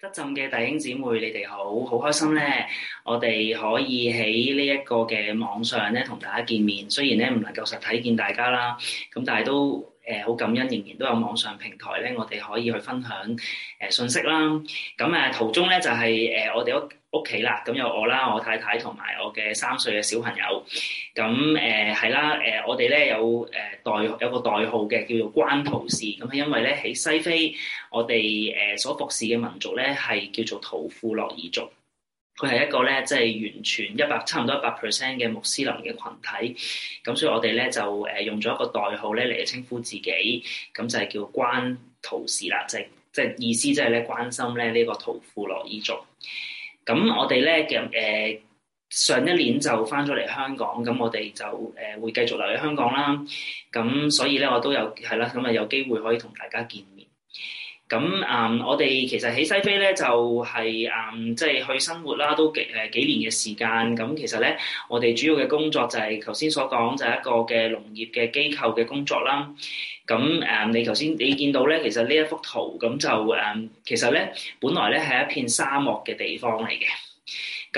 得浸嘅弟兄姊妹，你哋好，好開心咧！我哋可以喺呢一個嘅網上咧同大家見面，雖然咧唔能夠實體見大家啦，咁但係都～誒好感恩，仍然都有網上平台咧，我哋可以去分享誒、呃、信息啦。咁啊，途中咧就係誒我哋屋屋企啦，咁有我啦，我、呃、我太太同埋我嘅三歲嘅小朋友。咁誒係啦，誒、呃、我哋咧有誒、呃、代有個代號嘅，叫做關圖士。咁係因為咧喺西非，我哋誒、呃、所服侍嘅民族咧係叫做圖富洛爾族。佢係一個咧，即係完全一百差唔多一百 percent 嘅穆斯林嘅群體，咁所以我哋咧就誒用咗一個代號咧嚟稱呼自己，咁就係叫關圖士啦，即即意思即係咧關心咧呢個圖庫洛爾族，咁我哋咧嘅誒上一年就翻咗嚟香港，咁我哋就誒、呃、會繼續留喺香港啦，咁所以咧我都有係啦，咁啊有機會可以同大家見面。咁誒、嗯，我哋其實喺西非咧，就係、是、誒，即、嗯、係、就是、去生活啦，都幾誒幾年嘅時間。咁、嗯、其實咧，我哋主要嘅工作就係頭先所講，就係一個嘅農業嘅機構嘅工作啦。咁、嗯、誒，你頭先你見到咧、嗯，其實呢一幅圖咁就誒，其實咧，本來咧係一片沙漠嘅地方嚟嘅。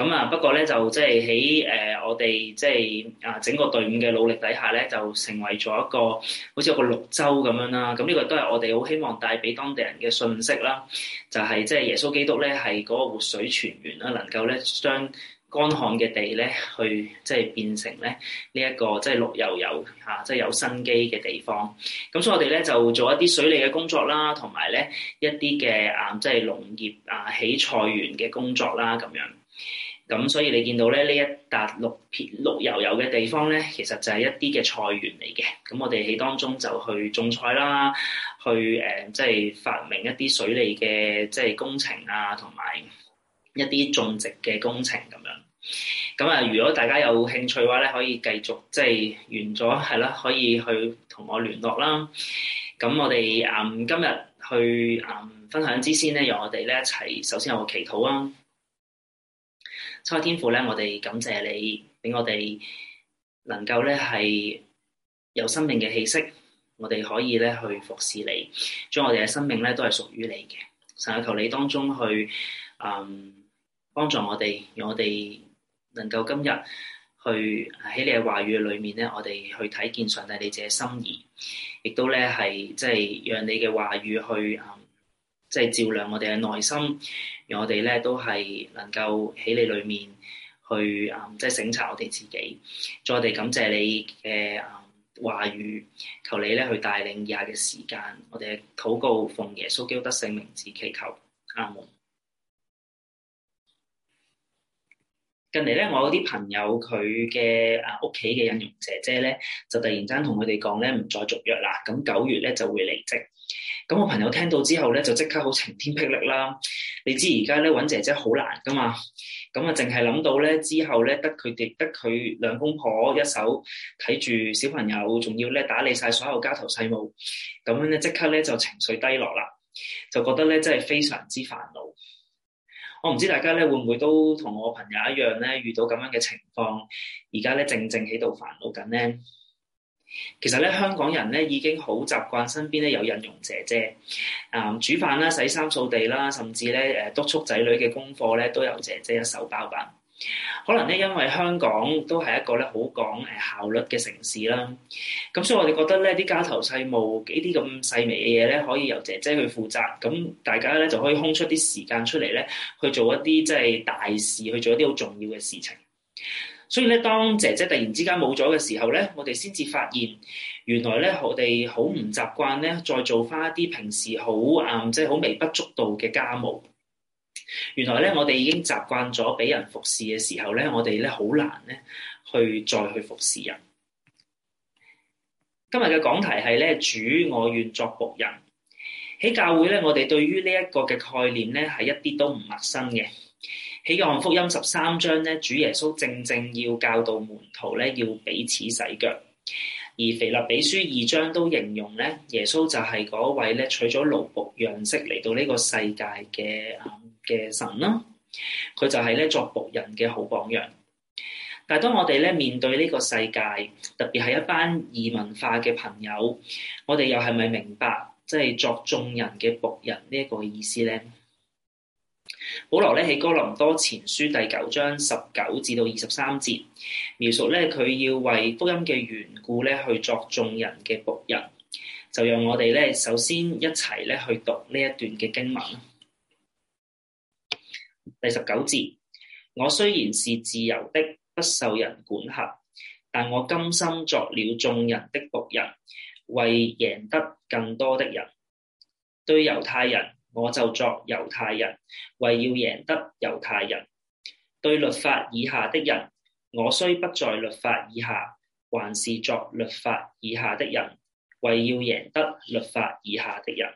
咁啊，不過咧就即係喺誒我哋即係啊整個隊伍嘅努力底下咧，就成為咗一個好似一個綠洲咁樣啦。咁呢個都係我哋好希望帶俾當地人嘅訊息啦，就係即係耶穌基督咧係嗰個活水泉源啦，能夠咧將乾旱嘅地咧去即係、就是、變成咧呢一個即係、就是、綠油油嚇，即、啊、係、就是、有生機嘅地方。咁所以我哋咧就做一啲水利嘅工作啦，同埋咧一啲嘅啊即係、就是、農業啊起菜園嘅工作啦咁樣。咁所以你見到咧呢一笪綠片綠油油嘅地方咧，其實就係一啲嘅菜園嚟嘅。咁我哋喺當中就去種菜啦，去誒、呃、即係發明一啲水利嘅即係工程啊，同埋一啲種植嘅工程咁、啊、樣。咁啊，如果大家有興趣嘅話咧，可以繼續即係完咗係啦，可以去同我聯絡啦。咁我哋誒、呃、今日去誒、呃、分享之先咧，由我哋咧一齊首先有個祈禱啦、啊。差天父咧，我哋感謝你俾我哋能夠咧係有生命嘅氣息，我哋可以咧去服侍你，將我哋嘅生命咧都係屬於你嘅。神啊，求你當中去嗯幫助我哋，讓我哋能夠今日去喺你嘅話語裏面咧，我哋去睇見上帝你自己心意，亦都咧係即係讓你嘅話語去啊。嗯即係照亮我哋嘅內心，而我哋咧都係能夠喺你裏面去啊、嗯，即係省察我哋自己。再嚟感謝你嘅啊話語，求你咧去帶領以下嘅時間。我哋嘅禱告奉耶穌基督聖名字祈求阿們！近嚟咧，我有啲朋友佢嘅啊屋企嘅印傭姐姐咧，就突然間同佢哋講咧，唔再續約啦。咁九月咧就會離職。咁我朋友聽到之後咧，就即刻好晴天霹靂啦！你知而家咧揾姐姐好難噶嘛？咁啊，淨係諗到咧之後咧，得佢哋得佢兩公婆一手睇住小朋友，仲要咧打理晒所有家頭細務，咁樣咧即刻咧就情緒低落啦，就覺得咧真係非常之煩惱。我唔知大家咧會唔會都同我朋友一樣咧，遇到咁樣嘅情況，而家咧正正喺度煩惱緊咧？其實咧，香港人咧已經好習慣身邊咧有印傭姐姐，啊、嗯，煮飯啦、洗衫、掃地啦，甚至咧誒督促仔女嘅功課咧，都有姐姐一手包辦。可能咧，因為香港都係一個咧好講誒效率嘅城市啦，咁所以我哋覺得咧啲家頭細務，幾啲咁細微嘅嘢咧，可以由姐姐去負責，咁大家咧就可以空出啲時間出嚟咧去做一啲即係大事，去做一啲好重要嘅事情。所以咧，當姐姐突然之間冇咗嘅時候咧，我哋先至發現原來咧，我哋好唔習慣咧，再做返一啲平時好啱、嗯，即係好微不足道嘅家務。原來咧，我哋已經習慣咗俾人服侍嘅時候咧，我哋咧好難咧去再去服侍人。今日嘅講題係咧，主，我願作僕人。喺教會咧，我哋對於呢一個嘅概念咧，係一啲都唔陌生嘅。約翰福音十三章咧，主耶穌正正要教導門徒咧，要彼此洗腳。而腓立比書二章都形容咧，耶穌就係嗰位咧，取咗奴僕樣式嚟到呢個世界嘅嘅、嗯、神啦。佢就係咧作僕人嘅好榜樣。但係當我哋咧面對呢個世界，特別係一班異文化嘅朋友，我哋又係咪明白即係、就是、作眾人嘅僕人呢一個意思咧？保羅咧喺哥林多前書第九章十九至到二十三節，描述咧佢要為福音嘅緣故咧去作眾人嘅僕人，就讓我哋咧首先一齊咧去讀呢一段嘅經文。第十九節，我雖然是自由的，不受人管轄，但我甘心作了眾人的僕人，為贏得更多的人，對猶太人。我就作猶太人，為要贏得猶太人；對律法以下的人，我雖不在律法以下，還是作律法以下的人，為要贏得律法以下的人；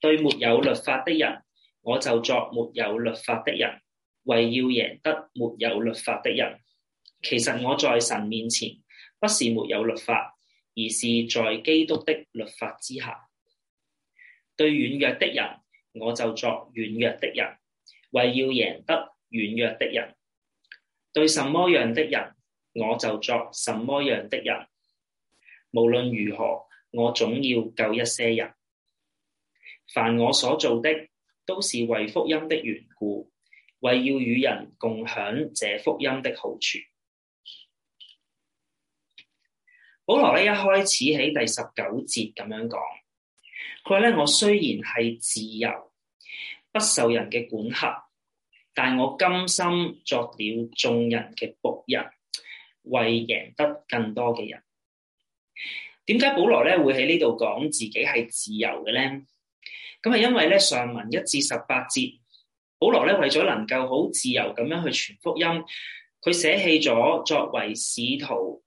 對沒有律法的人，我就作沒有律法的人，為要贏得沒有律法的人。其實我在神面前不是沒有律法，而是在基督的律法之下。對軟弱的人，我就作軟弱的人，為要贏得軟弱的人。對什麼樣的人，我就作什麼樣的人。無論如何，我總要救一些人。凡我所做的，都是為福音的緣故，為要與人共享這福音的好處。保羅呢，一開始喺第十九節咁樣講。佢話咧，我雖然係自由，不受人嘅管轄，但我甘心作了眾人嘅僕人，為贏得更多嘅人。點解保羅咧會喺呢度講自己係自由嘅咧？咁係因為咧上文一至十八節，保羅咧為咗能夠好自由咁樣去傳福音，佢捨棄咗作為使徒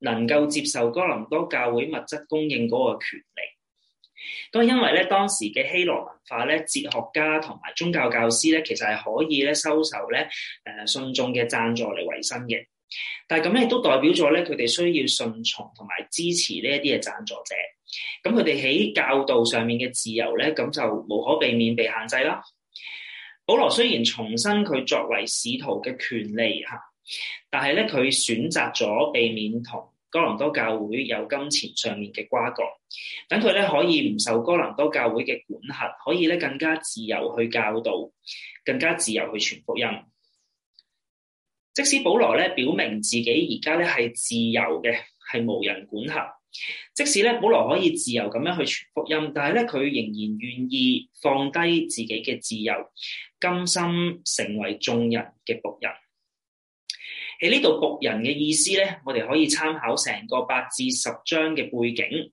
能夠接受哥林多教會物質供應嗰個權利。都因為咧，當時嘅希羅文化咧，哲學家同埋宗教教師咧，其實係可以咧收受咧誒信眾嘅贊助嚟維生嘅。但係咁咧，都代表咗咧，佢哋需要順從同埋支持呢一啲嘅贊助者。咁佢哋喺教導上面嘅自由咧，咁就無可避免被限制啦。保羅雖然重申佢作為使徒嘅權利吓，但係咧佢選擇咗避免同。哥林多教會有金錢上面嘅瓜葛，等佢咧可以唔受哥林多教會嘅管轄，可以咧更加自由去教導，更加自由去傳福音。即使保羅咧表明自己而家咧係自由嘅，係無人管轄。即使咧保羅可以自由咁樣去傳福音，但係咧佢仍然願意放低自己嘅自由，甘心成為眾人嘅僕人。喺呢度僕人嘅意思咧，我哋可以參考成個八至十章嘅背景。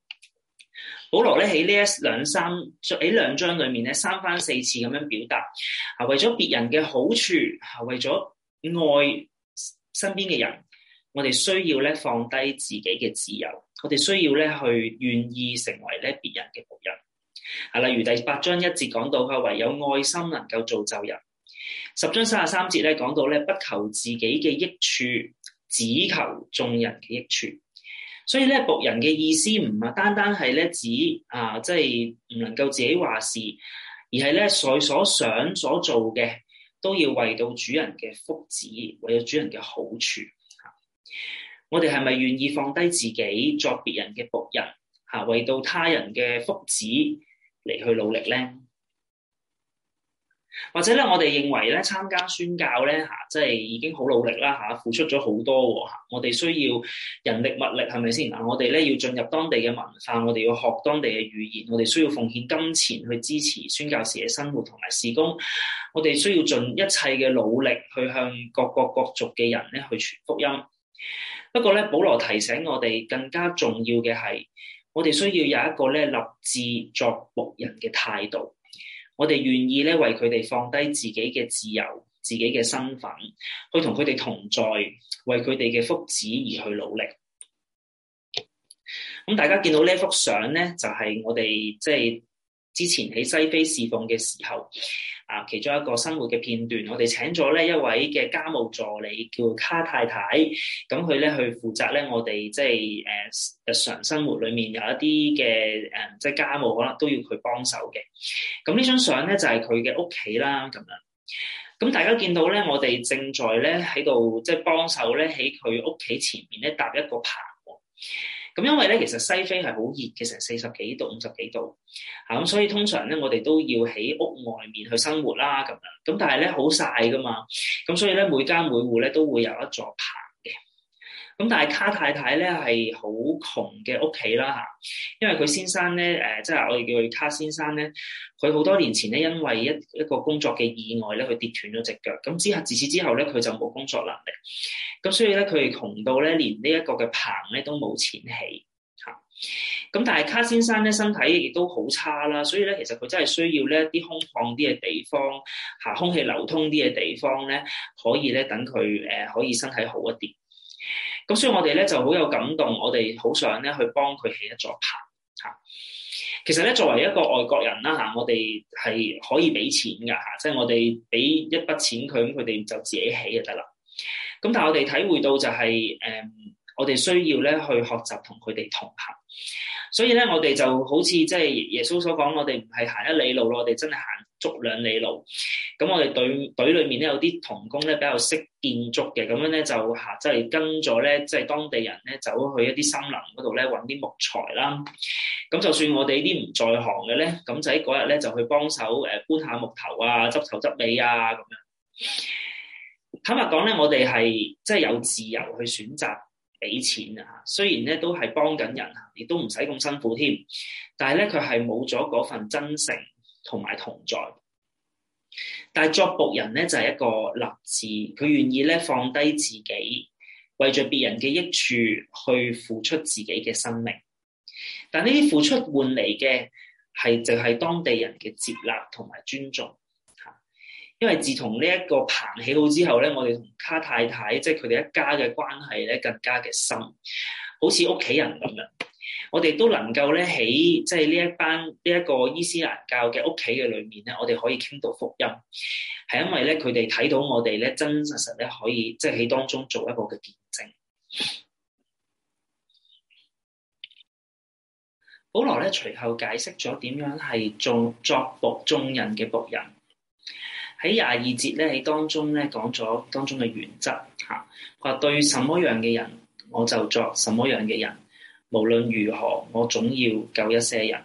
保羅咧喺呢一兩三喺兩章裏面咧，三番四次咁樣表達啊，為咗別人嘅好處啊，為咗愛身邊嘅人，我哋需要咧放低自己嘅自由，我哋需要咧去願意成為咧別人嘅僕人。啊，例如第八章一節講到佢，唯有愛心能夠造就人。十章三十三節咧講到咧，不求自己嘅益處，只求眾人嘅益處。所以咧，僕人嘅意思唔係單單係咧指啊，即係唔能夠自己話事，而係咧所所想所做嘅都要為到主人嘅福祉，為到主人嘅好處。我哋係咪願意放低自己作別人嘅僕人？嚇、啊，為到他人嘅福祉嚟去努力咧？或者咧，我哋認為咧，參加宣教咧嚇，即係已經好努力啦嚇，付出咗好多喎嚇。我哋需要人力物力，係咪先？嗱，我哋咧要進入當地嘅文化，我哋要學當地嘅語言，我哋需要奉獻金錢去支持宣教士嘅生活同埋事工。我哋需要盡一切嘅努力去向各國各，各，各族嘅人咧去傳福音。不過咧，保羅提醒我哋更加重要嘅係，我哋需要有一個咧立志作牧人嘅態度。我哋願意咧，為佢哋放低自己嘅自由、自己嘅身份，去同佢哋同在，為佢哋嘅福祉而去努力。咁、嗯、大家見到呢幅相咧，就係、是、我哋即係。之前喺西非侍奉嘅時候，啊，其中一個生活嘅片段，我哋請咗咧一位嘅家務助理叫卡太太，咁佢咧去負責咧，我哋即係誒日常生活裏面有一啲嘅誒，即係家務可能都要佢幫手嘅。咁呢張相咧就係佢嘅屋企啦，咁樣。咁大家見到咧，我哋正在咧喺度即係幫手咧，喺佢屋企前面咧搭一個棚。咁因為咧，其實西非係好熱嘅，成四十幾度、五十幾度，嚇、嗯、咁，所以通常咧，我哋都要喺屋外面去生活啦咁樣。咁但係咧，好曬㗎嘛，咁所以咧，每間每戶咧都會有一座棚。咁但係卡太太咧係好窮嘅屋企啦，嚇，因為佢先生咧誒，即、呃、係我哋叫佢卡先生咧，佢好多年前咧因為一一個工作嘅意外咧，佢跌斷咗隻腳，咁之後自此之後咧，佢就冇工作能力，咁所以咧佢窮到咧連呢一個嘅棚咧都冇錢起嚇，咁、啊、但係卡先生咧身體亦都好差啦，所以咧其實佢真係需要呢一啲空曠啲嘅地方嚇、啊，空氣流通啲嘅地方咧，可以咧等佢誒、呃、可以身體好一啲。咁所以我哋咧就好有感動，我哋好想咧去幫佢起一座棚。嚇，其實咧作為一個外國人啦嚇，我哋係可以俾錢㗎嚇，即係我哋俾一筆錢佢，咁佢哋就自己起就得啦。咁但係我哋體會到就係、是、誒、呃，我哋需要咧去學習同佢哋同行。所以咧我哋就好似即係耶穌所講，我哋唔係行一里路咯，我哋真係行足兩里路，咁我哋隊隊裏面咧有啲童工咧比較識建築嘅，咁樣咧就嚇即係跟咗咧，即係當地人咧走去一啲森林嗰度咧揾啲木材啦。咁就算我哋啲唔在行嘅咧，咁就喺嗰日咧就去幫手誒搬下木頭啊、執頭執尾啊咁樣。坦白講咧，我哋係即係有自由去選擇俾錢啊。雖然咧都係幫緊人啊，亦都唔使咁辛苦添，但係咧佢係冇咗嗰份真誠。同埋同在，但係作僕人咧就係、是、一個立志，佢願意咧放低自己，為着別人嘅益處去付出自己嘅生命。但呢啲付出換嚟嘅係就係、是、當地人嘅接納同埋尊重。吓，因為自從呢一個棚起好之後咧，我哋同卡太太即係佢哋一家嘅關係咧更加嘅深，好似屋企人咁樣。我哋都能夠咧喺即係呢一班呢一個伊斯蘭教嘅屋企嘅裏面咧，我哋可以傾到福音，係因為咧佢哋睇到我哋咧真真實實咧可以即係喺當中做一個嘅見證。保羅咧隨後解釋咗點樣係做作眾人嘅僕人。喺廿二節咧喺當中咧講咗當中嘅原則嚇，話對什麼樣嘅人，我就作什麼樣嘅人，無論如何，我總要救一些人。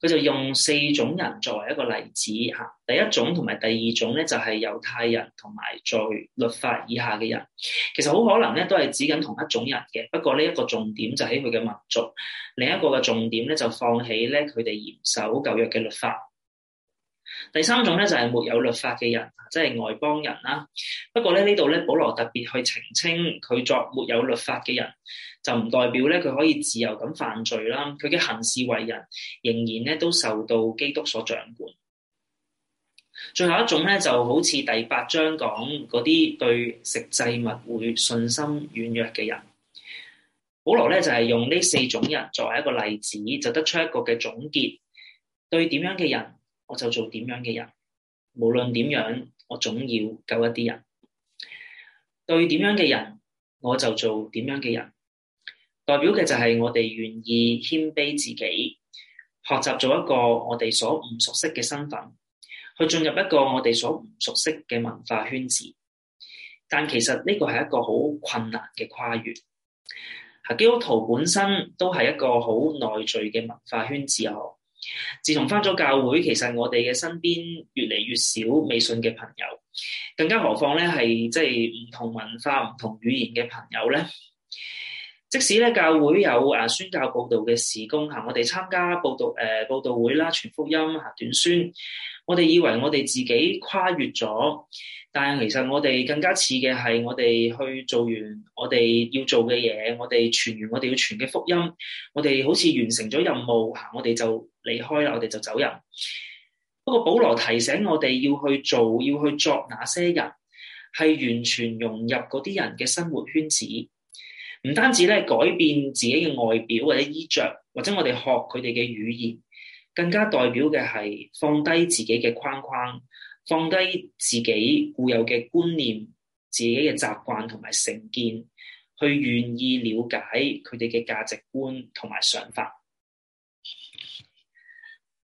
佢就用四種人作為一個例子吓，第一種同埋第二種咧就係猶太人同埋在律法以下嘅人，其實好可能咧都係指緊同一種人嘅，不過呢一個重點就喺佢嘅民族，另一個嘅重點咧就放喺咧佢哋嚴守舊約嘅律法。第三種咧就係沒有律法嘅人，即係外邦人啦。不過咧呢度咧保羅特別去澄清，佢作沒有律法嘅人，就唔代表咧佢可以自由咁犯罪啦，佢嘅行事為人仍然咧都受到基督所掌管。最後一種咧就好似第八章講嗰啲對食祭物會信心軟弱嘅人，保羅咧就係、是、用呢四種人作為一個例子，就得出一個嘅總結：對點樣嘅人，我就做點樣嘅人；無論點樣，我總要救一啲人。對點樣嘅人，我就做點樣嘅人。代表嘅就係我哋願意謙卑自己，學習做一個我哋所唔熟悉嘅身份，去進入一個我哋所唔熟悉嘅文化圈子。但其實呢個係一個好困難嘅跨越。基督徒本身都係一個好內聚嘅文化圈子。哦，自從翻咗教會，其實我哋嘅身邊越嚟越少未信嘅朋友，更加何況咧係即係唔同文化、唔同語言嘅朋友咧。即使咧，教會有誒宣教佈道嘅事工嚇，我哋參加佈道誒、呃、佈道會啦，傳福音嚇短宣，我哋以為我哋自己跨越咗，但係其實我哋更加似嘅係我哋去做完我哋要做嘅嘢，我哋傳完我哋要傳嘅福音，我哋好似完成咗任務嚇，我哋就離開啦，我哋就走人。不過，保羅提醒我哋要去做，要去作那些人，係完全融入嗰啲人嘅生活圈子。唔單止咧改變自己嘅外表或者衣着，或者我哋學佢哋嘅語言，更加代表嘅係放低自己嘅框框，放低自己固有嘅觀念、自己嘅習慣同埋成見，去願意了解佢哋嘅價值觀同埋想法。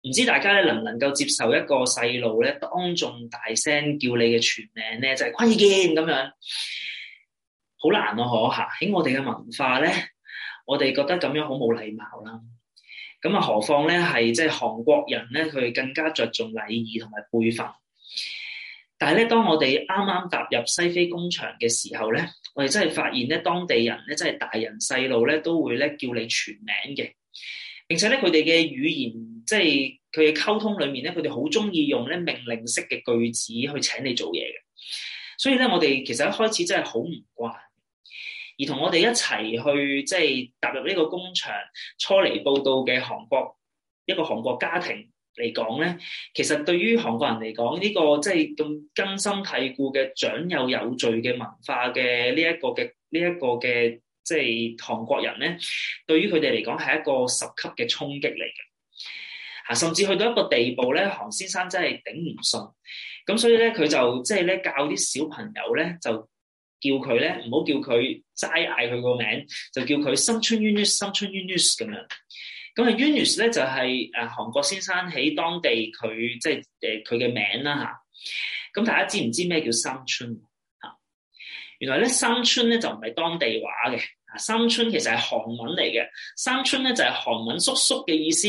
唔知大家咧能唔能夠接受一個細路咧當眾大聲叫你嘅全名咧，就係坤健咁樣？好難啊，可嚇喺我哋嘅文化咧，我哋覺得咁樣好冇禮貌啦。咁啊，何況咧係即係韓國人咧，佢更加着重禮儀同埋輩分。但係咧，當我哋啱啱踏入西非工場嘅時候咧，我哋真係發現咧，當地人咧真係大人細路咧都會咧叫你全名嘅。並且咧，佢哋嘅語言即係佢嘅溝通裏面咧，佢哋好鍾意用咧命令式嘅句子去請你做嘢嘅。所以咧，我哋其實一開始真係好唔慣。而同我哋一齊去即係踏入呢個工場初嚟報到嘅韓國一個韓國家庭嚟講咧，其實對於韓國人嚟講呢、呢個即係咁根深蒂固嘅長幼有序嘅文化嘅呢一個嘅呢一個嘅即係韓國人咧，對於佢哋嚟講係一個十級嘅衝擊嚟嘅嚇，甚至去到一個地步咧，韓先生真係頂唔順，咁所以咧，佢就即係咧教啲小朋友咧就。叫佢咧，唔好叫佢齋嗌佢個名，就叫佢三春 Unus，三春 Unus 咁樣。咁啊 Unus 咧就係誒韓國先生喺當地佢即係誒佢嘅名啦吓，咁大家知唔知咩叫三春嚇？原來咧三春咧就唔係當地話嘅，啊三春其實係韓文嚟嘅，三春咧就係韓文叔叔嘅意思。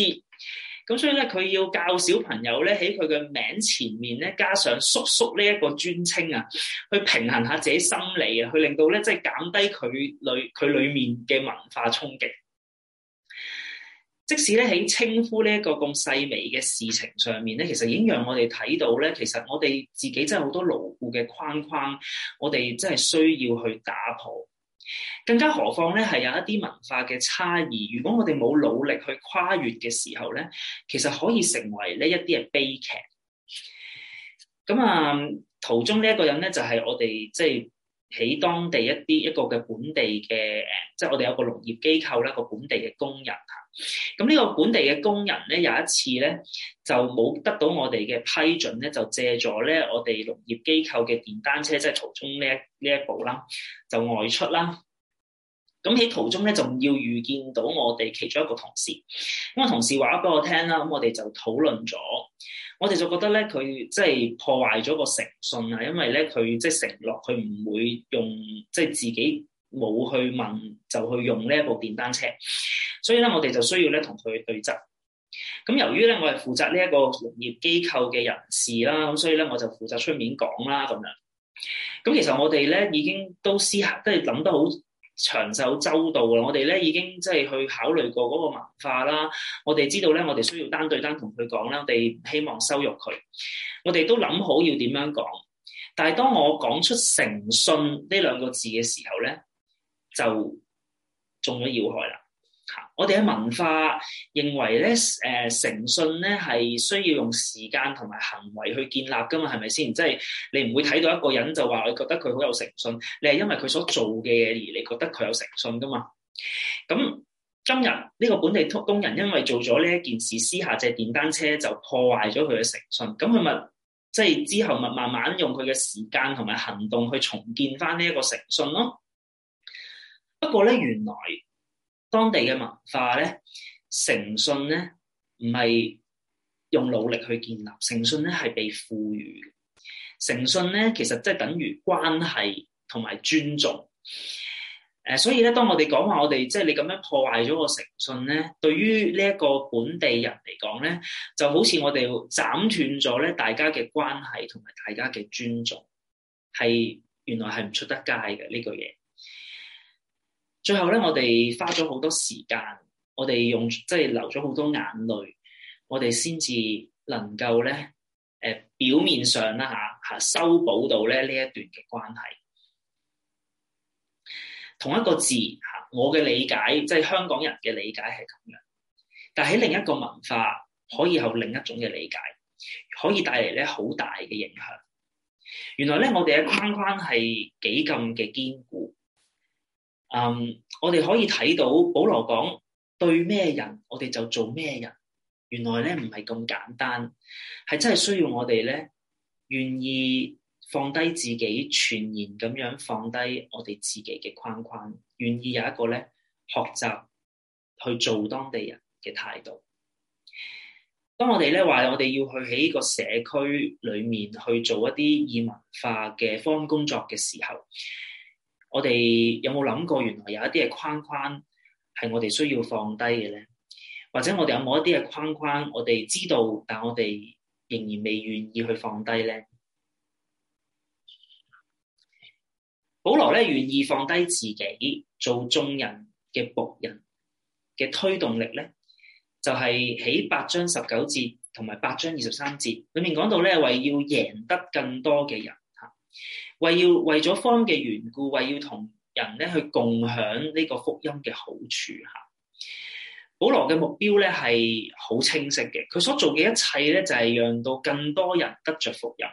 咁所以咧，佢要教小朋友咧喺佢嘅名前面咧加上叔叔呢一個尊稱啊，去平衡下自己心理啊，去令到咧即係減低佢裏佢裡面嘅文化衝擊。即使咧喺稱呼呢一個咁細微嘅事情上面咧，其實已經讓我哋睇到咧，其實我哋自己真係好多牢固嘅框框，我哋真係需要去打破。更加何況咧，係有一啲文化嘅差異。如果我哋冇努力去跨越嘅時候咧，其實可以成為呢一啲嘅悲劇。咁啊，途中呢一個人咧，就係、係、我哋即係。就係喺當地一啲一個嘅本地嘅、誒，即係我哋有個農業機構啦，個本地嘅工人嚇。咁呢個本地嘅工人咧，有一次咧就冇得到我哋嘅批准咧，就借咗咧我哋農業機構嘅電單車，即係曹忠呢一呢一部啦，就外出啦。咁喺途中咧，仲要遇見到我哋其中一個同事，咁個同事話俾我聽啦，咁我哋就討論咗，我哋就覺得咧，佢即係破壞咗個誠信啊，因為咧佢即係承諾佢唔會用，即係自己冇去問就去用呢一部電單車，所以咧我哋就需要咧同佢對質。咁由於咧我係負責呢一個農業機構嘅人士啦，咁所以咧我就負責出面講啦，咁樣。咁其實我哋咧已經都私下即係諗得好。長袖周到啊！我哋咧已經即係去考慮過嗰個文化啦。我哋知道咧，我哋需要單對單同佢講啦。我哋希望羞辱佢，我哋都諗好要點樣講。但係當我講出誠信呢兩個字嘅時候咧，就中咗要害啦。我哋嘅文化認為咧，誒、呃、誠信咧係需要用時間同埋行為去建立噶嘛，係咪先？即係你唔會睇到一個人就話，我覺得佢好有誠信，你係因為佢所做嘅嘢而你覺得佢有誠信噶嘛？咁、嗯、今日呢、這個本地工工人因為做咗呢一件事，私下借電單車就破壞咗佢嘅誠信，咁佢咪即係之後咪慢慢用佢嘅時間同埋行動去重建翻呢一個誠信咯？不過咧，原來。當地嘅文化咧，誠信咧唔係用努力去建立，誠信咧係被賦予嘅。誠信咧其實即係等於關係同埋尊重。誒、呃，所以咧當我哋講話我，我哋即係你咁樣破壞咗個誠信咧，對於呢一個本地人嚟講咧，就好似我哋斬斷咗咧大家嘅關係同埋大家嘅尊重係原來係唔出得街嘅呢個嘢。最後咧，我哋花咗好多時間，我哋用即係流咗好多眼淚，我哋先至能夠咧，誒、呃、表面上啦嚇嚇修補到咧呢一段嘅關係。同一個字嚇，我嘅理解即係、就是、香港人嘅理解係咁樣，但喺另一個文化可以有另一種嘅理解，可以帶嚟咧好大嘅影響。原來咧，我哋嘅框框係幾咁嘅堅固。嗯，um, 我哋可以睇到，保羅講，對咩人，我哋就做咩人。原來咧唔係咁簡單，係真係需要我哋咧願意放低自己，全然咁樣放低我哋自己嘅框框，願意有一個咧學習去做當地人嘅態度。當我哋咧話我哋要去喺呢個社區裏面去做一啲以文化嘅方工作嘅時候。我哋有冇諗過，原來有一啲嘅框框係我哋需要放低嘅呢？或者我哋有冇一啲嘅框框，我哋知道，但我哋仍然未願意去放低呢？保羅咧願意放低自己，做眾人嘅僕人嘅推動力呢，就係喺八章十九節同埋八章二十三節裏面講到咧，為要贏得更多嘅人吓。為要為咗福音嘅緣故，為要同人咧去共享呢個福音嘅好處吓，保羅嘅目標咧係好清晰嘅，佢所做嘅一切咧就係讓到更多人得着福音。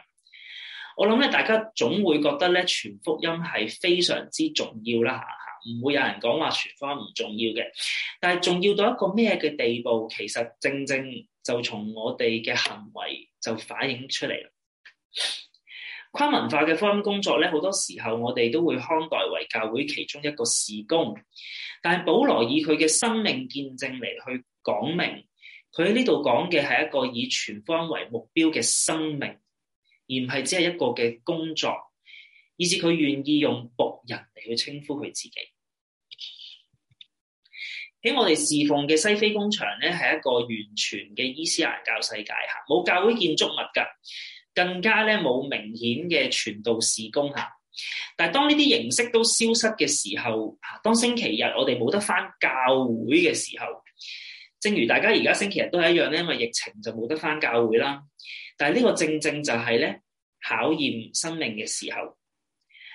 我諗咧，大家總會覺得咧傳福音係非常之重要啦吓，唔會有人講話傳福音唔重要嘅。但係重要到一個咩嘅地步？其實正正就從我哋嘅行為就反映出嚟。跨文化嘅福音工作咧，好多時候我哋都會看待為教會其中一個事工，但係保羅以佢嘅生命見證嚟去講明，佢喺呢度講嘅係一個以全方位目標嘅生命，而唔係只係一個嘅工作，以至佢願意用僕人嚟去稱呼佢自己。喺我哋侍奉嘅西非工場咧，係一個完全嘅伊斯蘭教世界下，冇教會建築物㗎。更加咧冇明顯嘅傳道事工吓，但係當呢啲形式都消失嘅時候，當星期日我哋冇得返教會嘅時候，正如大家而家星期日都係一樣咧，因為疫情就冇得返教會啦。但係呢個正正就係咧考驗生命嘅時候，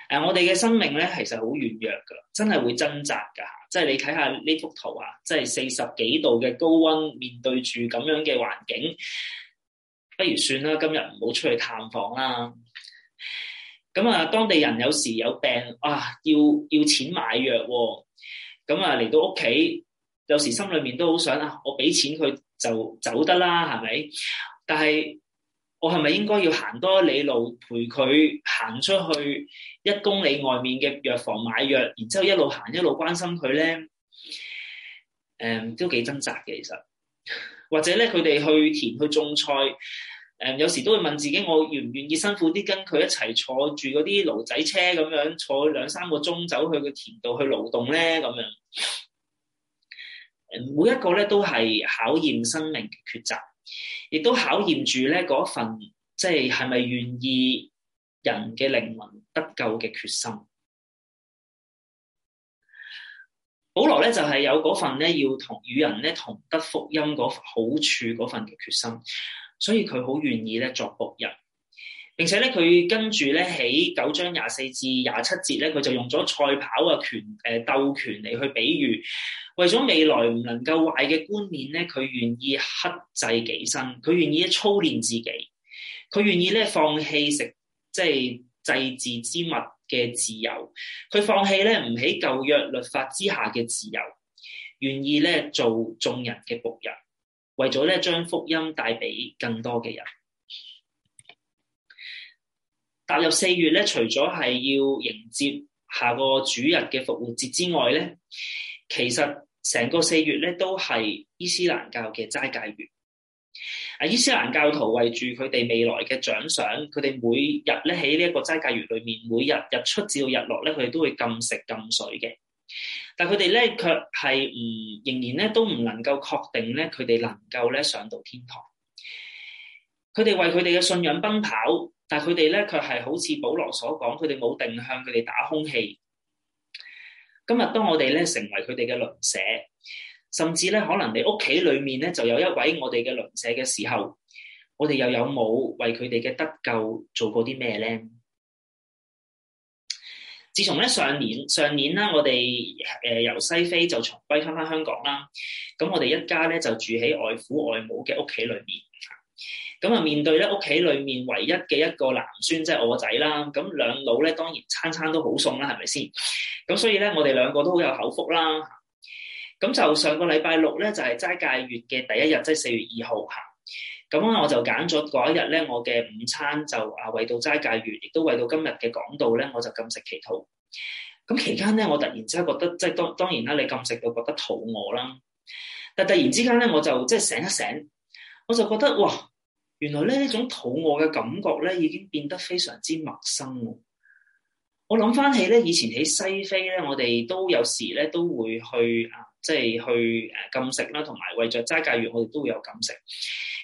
誒我哋嘅生命咧其實好軟弱㗎，真係會掙扎㗎，即係你睇下呢幅圖啊，即係四十幾度嘅高溫，面對住咁樣嘅環境。不如算啦，今日唔好出去探訪啦。咁、嗯、啊，當地人有時有病啊，要要錢買藥、哦。咁、嗯、啊，嚟到屋企，有時心裏面都好想啊，我俾錢佢就走得啦，係咪？但係我係咪應該要行多一里路陪佢行出去一公里外面嘅藥房買藥，然之後一路行一路關心佢咧？誒、嗯，都幾掙扎嘅，其實。或者咧，佢哋去田去種菜，誒、嗯、有時都會問自己：我願唔願意辛苦啲跟佢一齊坐住嗰啲驢仔車咁樣坐兩三個鐘走去個田度去勞動咧？咁樣、嗯，每一個咧都係考驗生命嘅抉擇，亦都考驗住咧嗰份即係係咪願意人嘅靈魂得救嘅決心。保羅咧就係有嗰份咧要同與人咧同得福音嗰好處嗰份嘅決心，所以佢好願意咧作僕人，並且咧佢跟住咧喺九章廿四至廿七節咧，佢就用咗賽跑嘅拳誒鬥拳嚟去比喻，為咗未來唔能夠壞嘅觀念咧，佢願意克制己身，佢願意操練自己，佢願意咧放棄食即係祭祀之物。嘅自由，佢放棄咧唔喺舊約律法之下嘅自由，願意咧做眾人嘅僕人，為咗咧將福音帶俾更多嘅人。踏入四月咧，除咗係要迎接下個主日嘅復活節之外咧，其實成個四月咧都係伊斯蘭教嘅齋戒月。啊！伊斯蘭教徒為住佢哋未來嘅獎賞，佢哋每日咧喺呢一個齋戒月裏面，每日日出照日落咧，佢哋都會禁食禁水嘅。但佢哋咧卻係唔仍然咧都唔能夠確定咧，佢哋能夠咧上到天堂。佢哋為佢哋嘅信仰奔跑，但佢哋咧卻係好似保羅所講，佢哋冇定向佢哋打空氣。今日當我哋咧成為佢哋嘅鄰舍，甚至咧，可能你屋企裏面咧就有一位我哋嘅鄰舍嘅時候，我哋又有冇為佢哋嘅得救做過啲咩咧？自從咧上年上年啦，我哋誒由西非就重歸翻翻香港啦。咁我哋一家咧就住喺外父外母嘅屋企裏面。咁啊面對咧屋企裏面唯一嘅一個男孫，即係我仔啦。咁兩老咧當然餐餐都好餸啦，係咪先？咁所以咧我哋兩個都好有口福啦。咁就上個禮拜六咧，就係齋戒月嘅第一日，即係四月二號嚇。咁啊，我就揀咗嗰一日咧，我嘅午餐就啊為到齋戒月，亦都為到今日嘅講道咧，我就禁食祈禱。咁期間咧，我突然之間覺得，即係當當然啦，你禁食到覺得肚餓啦。但突然之間咧，我就即係醒一醒，我就覺得哇，原來咧呢種肚餓嘅感覺咧，已經變得非常之陌生喎。我諗翻起咧，以前喺西非咧，我哋都有時咧都會去啊。即係去禁食啦，同埋為咗齋戒月，我哋都有禁食。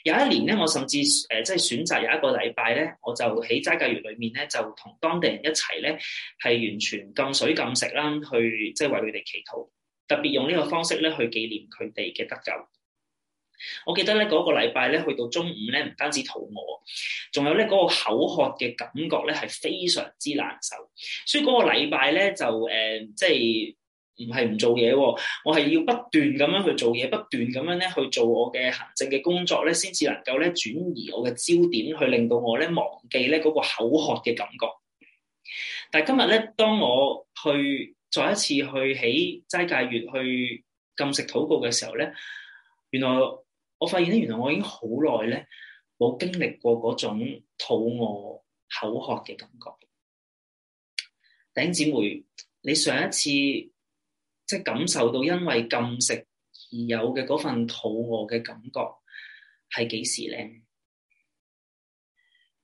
有一年咧，我甚至誒、呃、即係選擇有一個禮拜咧，我就喺齋戒月裏面咧，就同當地人一齊咧，係完全禁水禁食啦，去即係為佢哋祈禱，特別用呢個方式咧去紀念佢哋嘅得救。我記得咧，嗰個禮拜咧，去到中午咧，唔單止肚餓，仲有咧嗰個口渴嘅感覺咧，係非常之難受。所以嗰個禮拜咧就誒、呃、即係。唔係唔做嘢，啊，我係要不斷咁樣去做嘢，不斷咁樣咧去做我嘅行政嘅工作咧，先至能夠咧轉移我嘅焦點，去令到我咧忘記咧嗰個口渴嘅感覺。但係今日咧，當我去再一次去喺齋戒月去禁食禱告嘅時候咧，原來我發現咧，原來我已經好耐咧冇經歷過嗰種肚餓口渴嘅感覺。弟兄姊妹，你上一次？即感受到因為禁食而有嘅嗰份肚餓嘅感覺係幾時呢？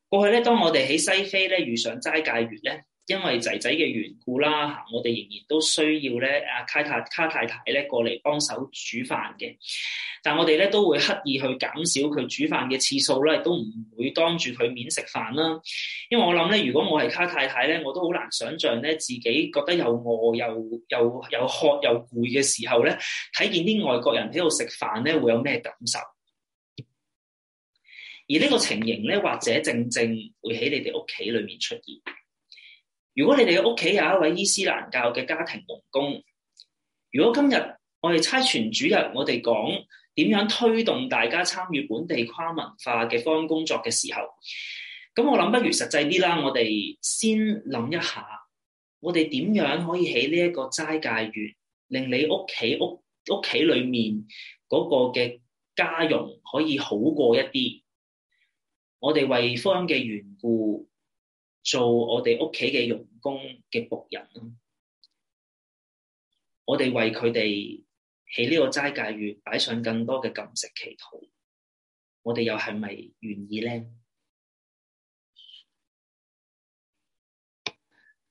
過去咧，當我哋喺西非咧遇上齋戒月咧。因為仔仔嘅緣故啦，嚇，我哋仍然都需要咧阿卡太卡太太咧過嚟幫手煮飯嘅。但我哋咧都會刻意去減少佢煮飯嘅次數啦，都唔會當住佢面食飯啦。因為我諗咧，如果我係卡太太咧，我都好難想像咧自己覺得又餓又又又，又渴又攰嘅時候咧，睇見啲外國人喺度食飯咧，會有咩感受？而呢個情形咧，或者正正會喺你哋屋企裏面出現。如果你哋嘅屋企有一位伊斯蘭教嘅家庭傭工，如果今日我哋差傳主日，我哋講點樣推動大家參與本地跨文化嘅方工作嘅時候，咁我諗不如實際啲啦，我哋先諗一下，我哋點樣可以喺呢一個齋戒月，令你屋企屋屋企裏面嗰個嘅家傭可以好過一啲。我哋為方嘅緣故。做我哋屋企嘅傭工嘅僕人，我哋為佢哋喺呢個齋戒月，擺上更多嘅禁食祈禱，我哋又係咪願意呢？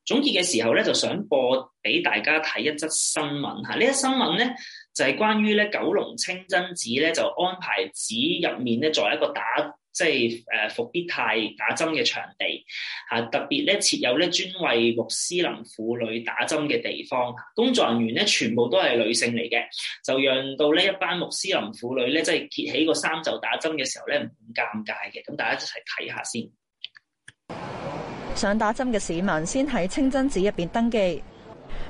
總結嘅時候咧，就想播俾大家睇一則新聞吓，呢一新聞咧就係關於咧九龍清真寺咧就安排寺入面咧做一個打。即係誒伏必泰打針嘅場地嚇，特別咧設有咧專為穆斯林婦女打針嘅地方，工作人員咧全部都係女性嚟嘅，就讓到呢一班穆斯林婦女咧即係揭起個衫袖打針嘅時候咧唔咁尷尬嘅，咁大家一齊睇下先。想打針嘅市民先喺清真寺入邊登記。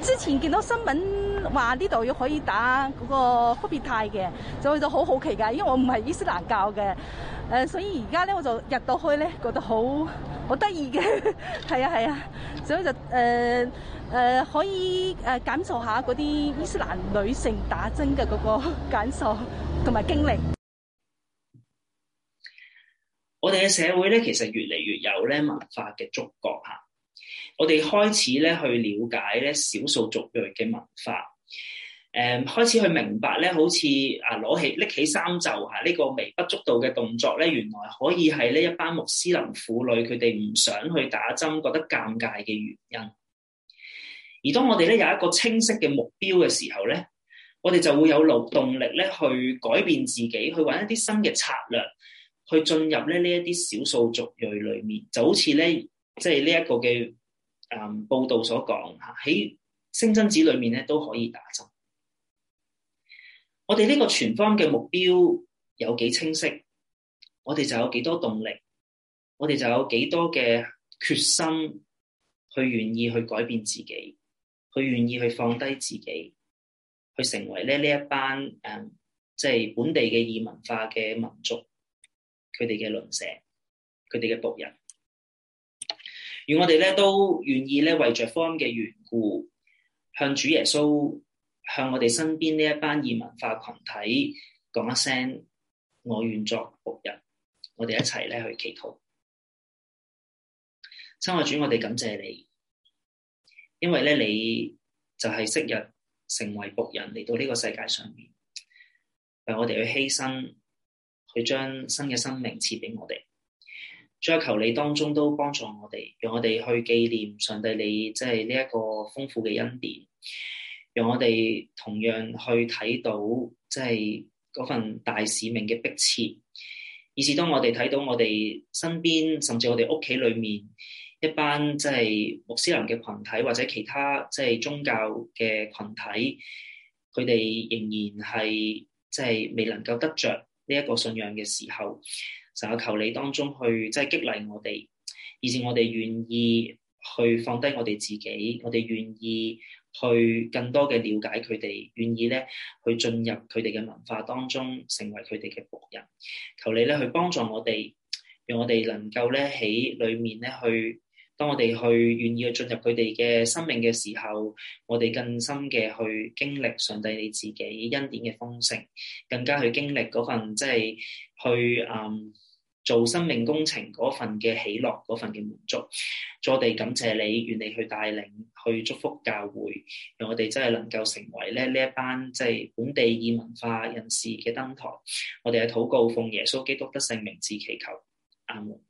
之前見到新聞話呢度要可以打嗰個復必泰嘅，所以就去到好好奇㗎，因為我唔係伊斯蘭教嘅，誒，所以而家咧我就入到去咧，覺得好好得意嘅，係啊係啊，所以就誒誒、呃呃、可以誒感受下嗰啲伊斯蘭女性打針嘅嗰個感受同埋經歷。我哋嘅社會咧，其實越嚟越有咧文化嘅觸覺嚇。我哋開始咧去了解咧少數族裔嘅文化，誒、嗯、開始去明白咧，好似啊攞起拎起衫袖啊，呢、這個微不足道嘅動作咧，原來可以係呢一班穆斯林婦女佢哋唔想去打針、覺得尷尬嘅原因。而當我哋咧有一個清晰嘅目標嘅時候咧，我哋就會有勞動力咧去改變自己，去揾一啲新嘅策略，去進入咧呢一啲少數族裔裏面，就好似咧即係呢一個嘅。嗯，報道所講嚇，喺清真寺裏面咧都可以打針。我哋呢個全方嘅目標有幾清晰，我哋就有幾多動力，我哋就有幾多嘅決心去願意去改變自己，去願意去放低自己，去成為咧呢一班誒、嗯，即係本地嘅異文化嘅民族，佢哋嘅鄰舍，佢哋嘅僕人。若我哋咧都願意咧為着福音嘅緣故，向主耶穌，向我哋身邊呢一班異文化群體講一聲，我願作僕人，我哋一齊咧去祈禱。親愛主，我哋感謝你，因為咧你就係昔日成為僕人嚟到呢個世界上面，為我哋去犧牲，去將新嘅生命賜俾我哋。追求你當中都幫助我哋，讓我哋去紀念上帝你，即係呢一個豐富嘅恩典。讓我哋同樣去睇到，即係嗰份大使命嘅迫切。而是當我哋睇到我哋身邊，甚至我哋屋企裏面一班即係穆斯林嘅群體，或者其他即係宗教嘅群體，佢哋仍然係即係未能夠得着呢一個信仰嘅時候。就係求你當中去，即係激勵我哋，以至我哋願意去放低我哋自己，我哋願意去更多嘅了解佢哋，願意咧去進入佢哋嘅文化當中，成為佢哋嘅僕人。求你咧去幫助我哋，讓我哋能夠咧喺裡面咧去，當我哋去願意去進入佢哋嘅生命嘅時候，我哋更深嘅去經歷上帝你自己恩典嘅豐盛，更加去經歷嗰份即係去嗯，做生命工程嗰份嘅喜樂，嗰份嘅滿足，助我哋感謝你，願你去帶領，去祝福教會，讓我哋真係能夠成為咧呢一班即係本地異文化人士嘅燈台。我哋係禱告，奉耶穌基督的聖名，字祈求，阿門。